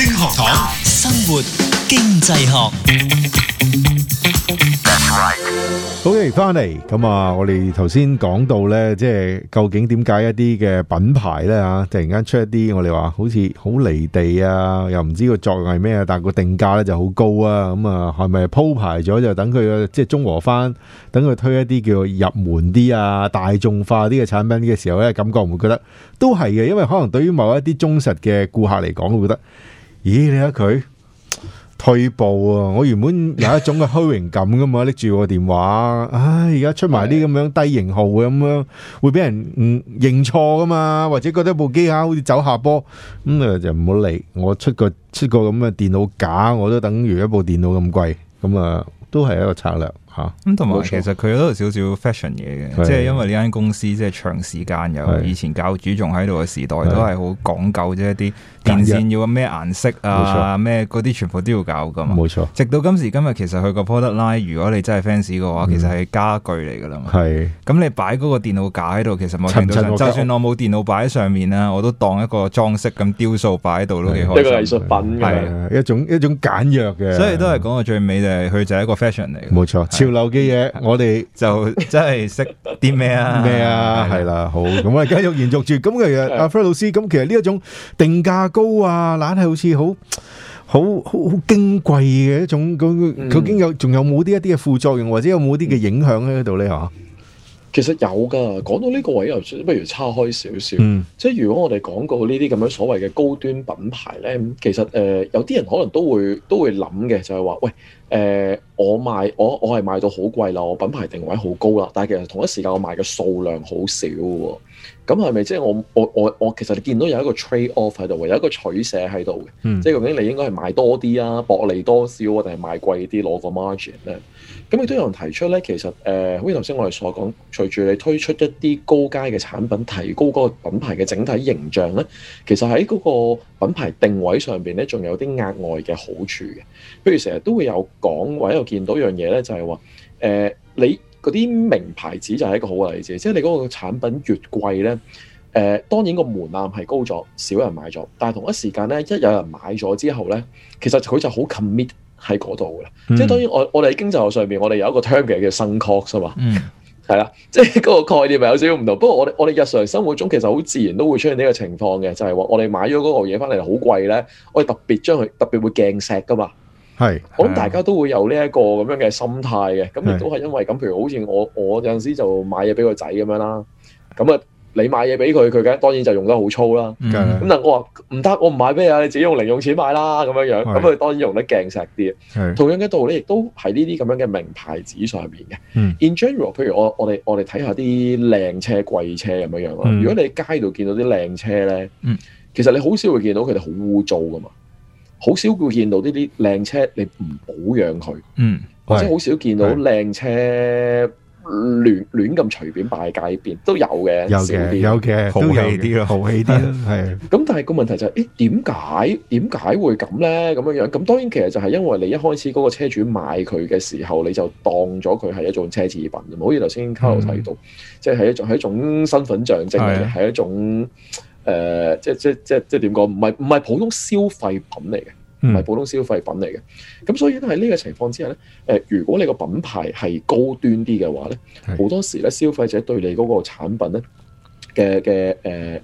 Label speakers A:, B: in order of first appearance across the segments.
A: 學生活經濟學，好嘅、okay，翻嚟咁啊！我哋頭先講到呢，即係究竟點解一啲嘅品牌呢？啊，突然間出一啲我哋話好似好離地啊，又唔知個作用係咩啊，但係個定價呢就好高啊，咁啊，係咪鋪排咗就等佢嘅即係中和翻，等佢推一啲叫入門啲啊、大眾化啲嘅產品嘅時候呢，感覺唔會覺得都係嘅？因為可能對於某一啲忠實嘅顧客嚟講，會覺得。咦，你睇佢退步啊！我原本有一種嘅虛榮感噶嘛，拎住個電話，唉、哎，而家出埋啲咁樣低型號嘅咁樣，會俾人認錯噶嘛，或者覺得部機啊好似走下坡，咁啊就唔好理。我出個出個咁嘅電腦架，我都等於一部電腦咁
B: 貴，咁啊都係一個策略。咁同埋，其實佢都有少少 fashion 嘢嘅，即係因為呢間公司即係長時間有以前教主仲喺度嘅時代，都係好講究即係啲電線要咩顏色啊，咩嗰啲全部都要搞噶嘛。冇錯，直到今時今日，其實佢個 product line，如果你真係 fans 嘅話，其實係家具嚟噶啦。係咁你擺嗰個電腦架喺度，其實冇就算我冇電腦擺喺上面啦，我都當一個裝飾咁雕塑擺喺度都幾好。藝術品係一種一種簡約嘅。所以都係講到最尾就係佢就係一個 fashion 嚟。冇錯。潮流嘅嘢， 我哋就真係識啲咩啊？咩啊？係啦的， 好，
A: 咁我繼續延續住。咁其實阿 Frank 老師，咁其實呢一種定價高啊，懶係好似好好好好矜貴嘅一種。
C: 究竟有，仲有冇啲一啲嘅副作用，或者有冇啲嘅影響喺度咧？吓、嗯，其實有噶。講到呢個位又不如岔開少少。嗯、即係如果我哋講過呢啲咁樣所謂嘅高端品牌咧，其實誒，有啲人可能都會都會諗嘅，就係話喂，誒、呃。呃呃呃呃呃我賣我我係賣到好貴啦，我品牌定位好高啦，但係其實同一時間我賣嘅數量好少喎，咁係咪即係我我我我其實你見到有一個 trade off 喺度喎，有一個取捨喺度嘅，嗯、即係究竟你應該係賣多啲啊，薄利多銷啊，定係賣貴啲攞個 margin 咧？咁亦都有人提出咧，其實誒，好似頭先我哋所講，隨住你推出一啲高階嘅產品，提高嗰個品牌嘅整體形象咧，其實喺嗰個品牌定位上邊咧，仲有啲額外嘅好處嘅。譬如成日都會有講或者見到一樣嘢咧，就係話誒，你嗰啲名牌子就係一個好例子，即係你嗰個產品越貴咧，誒，當然個門檻係高咗，少人買咗，但係同一時間咧，一有人買咗之後咧，其實佢就好 commit，喺嗰度嘅，嗯、即係當然我我哋經濟學上邊我哋有一個 term 嘅叫 sunk cost 啊嘛、嗯，係啦，即係嗰個概念係有少少唔同。不過我哋我哋日常生活中其實好自然都會出現呢個情況嘅，就係話我哋買咗嗰個嘢翻嚟好貴咧，我哋特別將佢特別會鏡石噶嘛，係，我諗大家都會有呢一個咁樣嘅心態嘅，咁亦都係因為咁。譬如好似我我有陣時就買嘢俾個仔咁樣啦，咁啊。你買嘢俾佢，佢梗當然就用得好粗啦。咁、嗯、但我話唔得，我唔買咩啊！你自己用零用錢買啦，咁樣是樣咁佢當然用得鏡石啲。是同樣嘅道理，亦都喺呢啲咁樣嘅名牌紙上面嘅。嗯、In general，譬如我我哋我哋睇下啲靚車貴車咁樣樣咯。嗯、如果你喺街度見到啲靚車咧，嗯、其實你好少會見到佢哋好污糟㗎嘛。好少會見到呢啲靚車你唔保養佢，或者好少見到靚車。亂亂咁隨便擺喺街邊都有嘅，有嘅有嘅，豪氣啲咯，豪氣啲係。咁但係個問題就係，誒，點解點解會咁咧？咁樣樣咁，當然其實就係因為你一開始嗰個車主買佢嘅時候，你就當咗佢係一種奢侈品啊，好似頭先卡路睇到，即係一種係一種身份象徵，係一種誒，即即即即點講？唔係唔係普通消費品嚟嘅。唔係、嗯、普通消費品嚟嘅，咁所以喺呢個情況之下咧，誒如果你個品牌係高端啲嘅話咧，好是多時咧消費者對你嗰個產品咧嘅嘅誒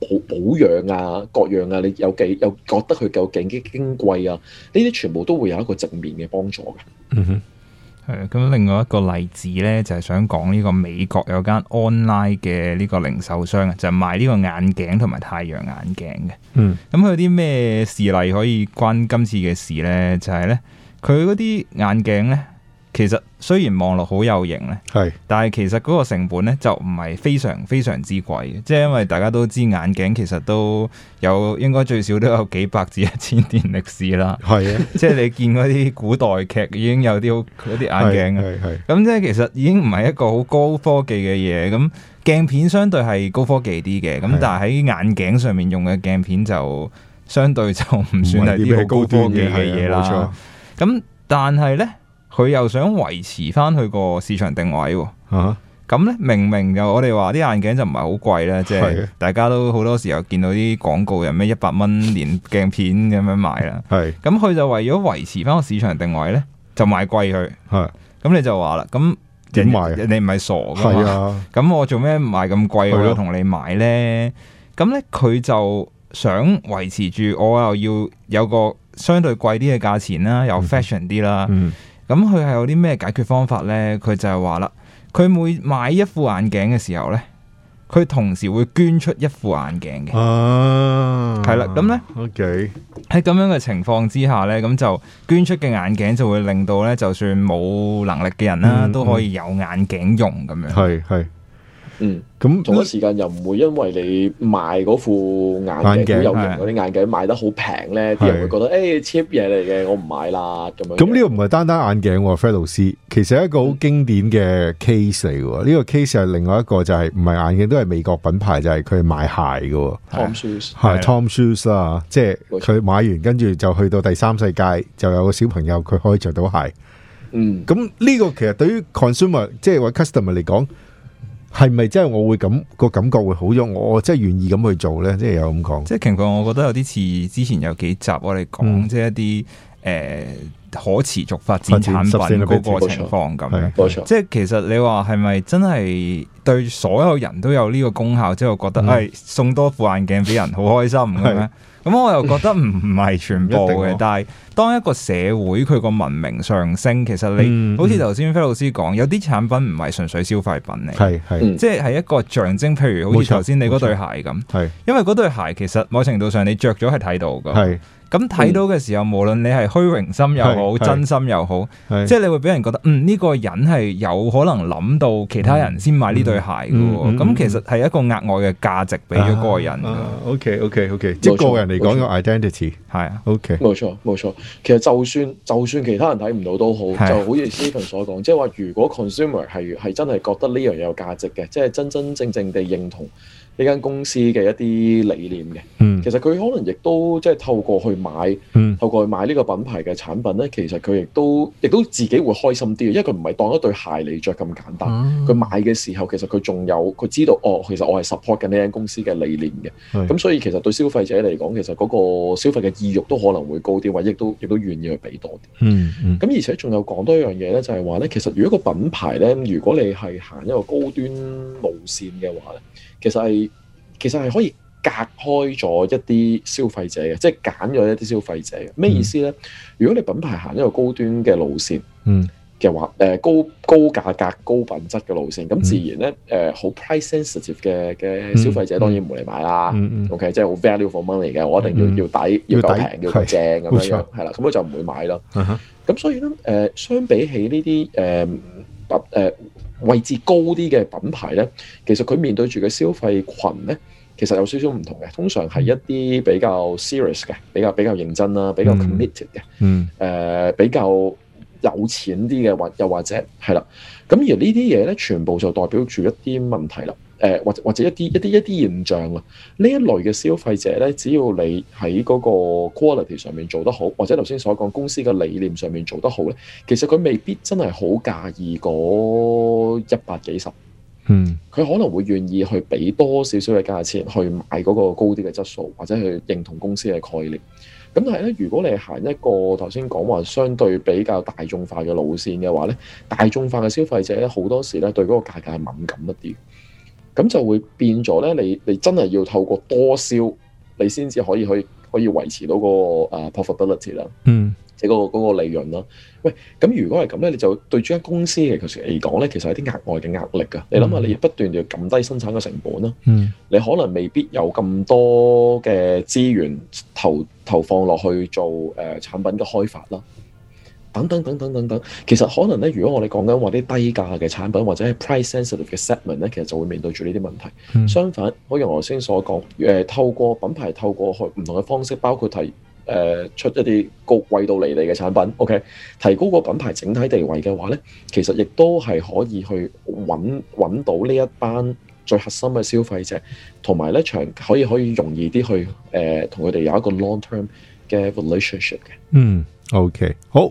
C: 保保養啊、各樣啊，你有幾有覺得佢夠勁啲矜貴啊？呢啲全部都會有一個正面嘅幫助嘅。嗯哼。
B: 係咁，另外一個例子咧，就係想講呢個美國有間 online 嘅呢個零售商啊，就係賣呢個眼鏡同埋太陽眼鏡嘅。嗯，咁佢有啲咩事例可以關今次嘅事咧？就係咧，佢嗰啲眼鏡咧。其實雖然望落好有型咧，係是，但係其實嗰個成本咧就唔係非常非常之貴嘅，即係因為大家都知眼鏡其實都有應該最少都有幾百至一千年歷史啦，係啊， 即係你見嗰啲古代劇已經有啲好啲眼鏡嘅，係係，咁即係其實已經唔係一個好高科技嘅嘢，咁鏡片相對係高科技啲嘅，咁，是但係喺眼鏡上面用嘅鏡片就相對就唔算係啲好高科技嘅嘢啦，咁、啊啊、但係咧。佢又想維持翻佢個市場定位，哦，咁、啊、呢，明明就我哋話啲眼鏡就唔係好貴啦，的即係大家都好多時候見到啲廣告又咩一百蚊連鏡片咁樣賣啦。係咁佢就為咗維持翻個市場定位呢，就賣貴佢。係咁的你就話啦，咁、啊、你唔係傻噶嘛？咁的我做咩唔買咁貴我同你買呢？咁呢的，佢就想維持住，我又要有個相對貴啲嘅價錢啦，有 fashion 啲啦、嗯。嗯嗯咁佢係有啲咩解決方法呢？佢就係話啦，佢每買一副眼鏡嘅時候呢，佢同時會捐出一副眼鏡嘅。啊，係啦，咁呢，OK，喺咁樣嘅情況之下呢，咁就捐出嘅眼鏡就會令到呢，就算冇能力嘅人啦、啊，嗯、都可以有眼鏡用咁、嗯嗯、樣。係係。嗯，咁同一
C: 時間又唔會因為你賣嗰副眼鏡好有型嗰啲眼鏡賣得好平咧，啲人會覺得誒 cheap 嘢嚟嘅，我唔買啦咁樣。
A: 咁呢個唔係單單眼鏡喎，Phil 老師，其實係一個好經典嘅 case 嚟嘅喎。呢個 case 係另外一個就係唔係眼鏡都係美國品牌，就係佢買鞋嘅 Tom Shoes，Tom Shoes 啊，即係佢買完跟住就去到第三世界，就有個小朋友佢可以著到鞋。嗯，咁呢個其實對於 consumer 即係話 customer 嚟講。係咪真係我會感、個感覺會好咗？我即係願意咁去做咧，即係有咁講、嗯。即
B: 係情況我覺得有啲似之前有幾集我哋講即係一啲。誒，可持續發展產品嗰個情況咁，即係其實你話係咪真係對所有人都有呢個功效？即係覺得係送多副眼鏡俾人好開心咁咧？咁我又覺得唔係全部嘅。但係當一個社會佢個文明上升，其實你好似頭先菲老師講，有啲產品唔係純粹消費品嚟，即係係一個象徵。譬如好似頭先你嗰對鞋咁，因為嗰對鞋其實某程度上你着咗係睇到嘅，咁睇、嗯、到嘅時候，無論你係虛榮心又好，真心又好，是即係你會俾人覺得，嗯呢、呢個人係有可能諗到其他人先買呢對鞋嘅。咁、嗯嗯嗯、其實係一個額外嘅價值俾咗嗰個人。O K O K O K，即係個人嚟講嘅 identity 係錯啊。O K，冇
C: 錯冇錯。其實就算就算其他人睇唔到都好，啊、就好似 Stephen 所講，即係話如果 consumer 係係真係覺得呢樣有價值嘅，即係真真正正地認同。呢間公司嘅一啲理念嘅，嗯、其實佢可能亦都即係透過去買，嗯、透過去買呢個品牌嘅產品咧，其實佢亦都亦都自己會開心啲，因為佢唔係當一對鞋嚟着咁簡單。佢、啊、買嘅時候，其實佢仲有佢知道哦，其實我係 support 緊呢間公司嘅理念嘅，咁是所以其實對消費者嚟講，其實嗰個消費嘅意欲都可能會高啲，或者都亦都願意去俾多啲。咁、嗯嗯、而且仲有講多一樣嘢咧，就係話咧，其實如果個品牌咧，如果你係行一個高端路線嘅話咧。其實係其實係可以隔開咗一啲消費者嘅，即係揀咗一啲消費者嘅。咩意思咧？如果你品牌行一個高端嘅路線嘅話，誒高高價格高品質嘅路線，咁自然咧，誒好 price sensitive 嘅嘅消費者當然唔嚟買啦。OK，即係好 value for money 嘅，我一定要要抵要夠平要夠正咁樣樣係啦。咁佢就唔會買咯。咁所以咧誒，相比起呢啲誒誒位置高啲嘅品牌咧，其實佢面對住嘅消費群咧，其實有少少唔同嘅。通常係一啲比較 serious 嘅，比較比較認真啦，比較 committed 嘅，誒、嗯呃、比較有錢啲嘅，或又或者係啦。咁而呢啲嘢咧，全部就代表住一啲問題啦。誒，或者或者一啲一啲一啲現象啊，呢一類嘅消費者咧，只要你喺嗰個 quality 上面做得好，或者頭先所講公司嘅理念上面做得好咧，其實佢未必真係好介意嗰一百幾十，嗯，佢可能會願意去俾多少少嘅價錢去買嗰個高啲嘅質素，或者去認同公司嘅概念。咁但係咧，如果你係行一個頭先講話相對比較大眾化嘅路線嘅話咧，大眾化嘅消費者咧，好多時咧，對嗰個價格係敏感一啲。咁就會變咗咧，你你真係要透過多銷，你先至可以去可，可以維持到嗰個 profitability 啦，嗯，即係嗰個利潤啦。喂，咁如果係咁咧，你就對住間公司其實嚟講咧，其實係啲額外嘅壓力噶。嗯、你諗下，你不斷要撳低生產嘅成本啦，嗯，你可能未必有咁多嘅資源投投放落去做誒、呃、產品嘅開發啦。等等等等等等，其實可能咧，如果我哋講緊話啲低價嘅產品，或者係 price sensitive 嘅 segment 咧，其實就會面對住呢啲問題。嗯、相反，好似我頭先所講，誒、呃、透過品牌，透過去唔同嘅方式，包括提誒、呃、出一啲高貴到嚟嚟嘅產品，OK，提高個品牌整體地位嘅話咧，其實亦都係可以去揾揾到呢一班最核心嘅消費者，同埋咧長可以可以容易啲去誒同佢哋有一個 long term 嘅 relationship 嘅。
A: 嗯，OK，好。